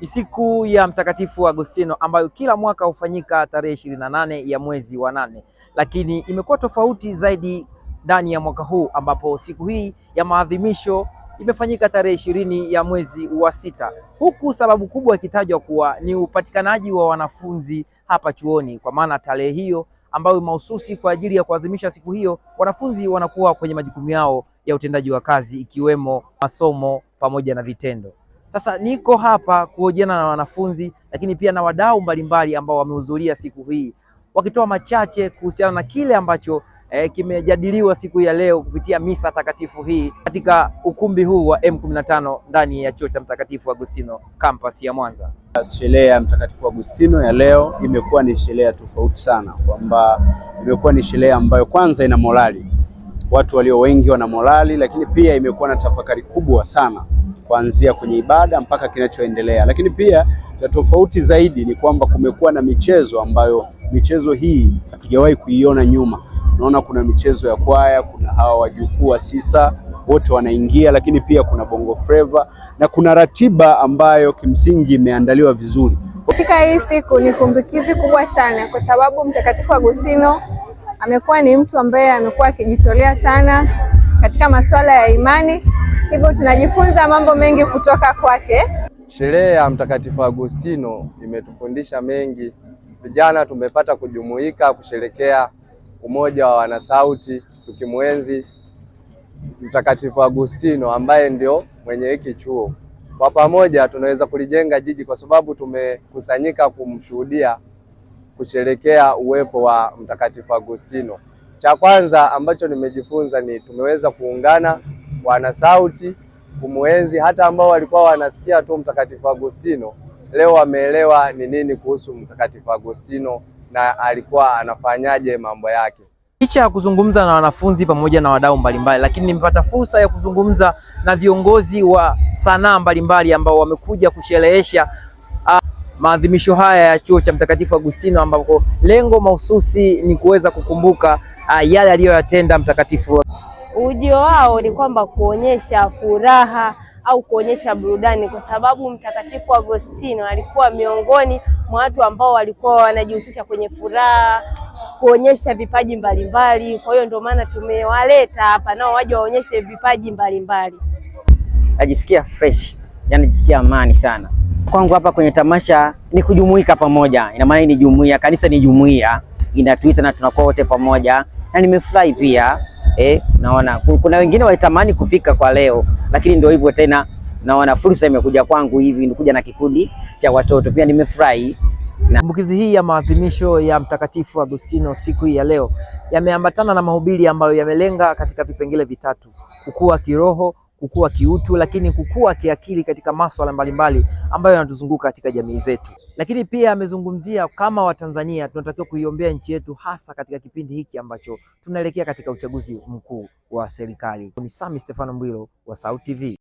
Ni siku ya Mtakatifu Agostino ambayo kila mwaka hufanyika tarehe ishirini na nane ya mwezi wa nane, lakini imekuwa tofauti zaidi ndani ya mwaka huu ambapo siku hii ya maadhimisho imefanyika tarehe ishirini ya mwezi wa sita, huku sababu kubwa ikitajwa kuwa ni upatikanaji wa wanafunzi hapa chuoni, kwa maana tarehe hiyo ambayo mahususi kwa ajili ya kuadhimisha siku hiyo, wanafunzi wanakuwa kwenye majukumu yao ya utendaji wa kazi ikiwemo masomo pamoja na vitendo. Sasa niko hapa kuhojiana na wanafunzi, lakini pia na wadau mbalimbali ambao wamehudhuria siku hii, wakitoa machache kuhusiana na kile ambacho eh, kimejadiliwa siku ya leo kupitia misa takatifu hii katika ukumbi huu wa M15 ndani ya chuo cha Mtakatifu Agustino campus ya Mwanza. Sherehe ya Mtakatifu Agustino ya leo imekuwa ni sherehe tofauti sana, kwamba imekuwa ni sherehe ambayo kwanza ina morali, watu walio wengi wana morali, lakini pia imekuwa na tafakari kubwa sana kuanzia kwenye ibada mpaka kinachoendelea. Lakini pia cha tofauti zaidi ni kwamba kumekuwa na michezo ambayo michezo hii hatujawahi kuiona nyuma. Unaona kuna michezo ya kwaya, kuna hawa wajukuu wa sista wote wanaingia, lakini pia kuna bongo flava na kuna ratiba ambayo kimsingi imeandaliwa vizuri. Katika hii siku ni kumbukizi kubwa sana, kwa sababu Mtakatifu Agustino amekuwa ni mtu ambaye amekuwa akijitolea sana katika masuala ya imani hivyo tunajifunza mambo mengi kutoka kwake. Sherehe ya Mtakatifu Agustino imetufundisha mengi. Vijana tumepata kujumuika kusherekea umoja wa wanasauti tukimwenzi Mtakatifu Agustino ambaye ndio mwenye hiki chuo. Kwa pamoja tunaweza kulijenga jiji, kwa sababu tumekusanyika kumshuhudia, kusherekea uwepo wa Mtakatifu Agustino. Cha kwanza ambacho nimejifunza ni tumeweza kuungana wana sauti kumwenzi. Hata ambao walikuwa wanasikia tu Mtakatifu Agostino leo wameelewa ni nini kuhusu Mtakatifu Agostino na alikuwa anafanyaje mambo yake. Licha ya kuzungumza na wanafunzi pamoja na wadau mbalimbali, lakini nimepata fursa ya kuzungumza na viongozi wa sanaa mbalimbali ambao wamekuja kusherehesha maadhimisho haya ya chuo cha Mtakatifu Agustino ambapo lengo mahususi ni kuweza kukumbuka yale aliyoyatenda mtakatifu ujio wao ni kwamba kuonyesha furaha au kuonyesha burudani, kwa sababu Mtakatifu Agostino alikuwa miongoni mwa watu ambao walikuwa wanajihusisha kwenye furaha, kuonyesha vipaji mbalimbali. Kwa hiyo ndio maana tumewaleta hapa nao waje waonyeshe vipaji mbalimbali. Najisikia fresh, yani najisikia amani sana kwangu hapa kwenye tamasha. Ni kujumuika pamoja, ina maana ni jumuiya, kanisa ni jumuiya inatuita na tunakuwa wote pamoja, na nimefurahi pia eh, naona kuna wengine walitamani kufika kwa leo, lakini ndio hivyo tena, naona fursa imekuja kwangu hivi, nikuja na kikundi cha watoto pia, nimefurahi kumbukizi hii ya maadhimisho ya Mtakatifu Agustino siku hii ya leo yameambatana na mahubiri ambayo yamelenga katika vipengele vitatu: kukua kiroho kukua kiutu, lakini kukua kiakili katika masuala mbalimbali ambayo yanatuzunguka katika jamii zetu. Lakini pia amezungumzia kama Watanzania tunatakiwa kuiombea nchi yetu, hasa katika kipindi hiki ambacho tunaelekea katika uchaguzi mkuu wa serikali. Ni Sami Stefano Mbwilo wa SAUT TV.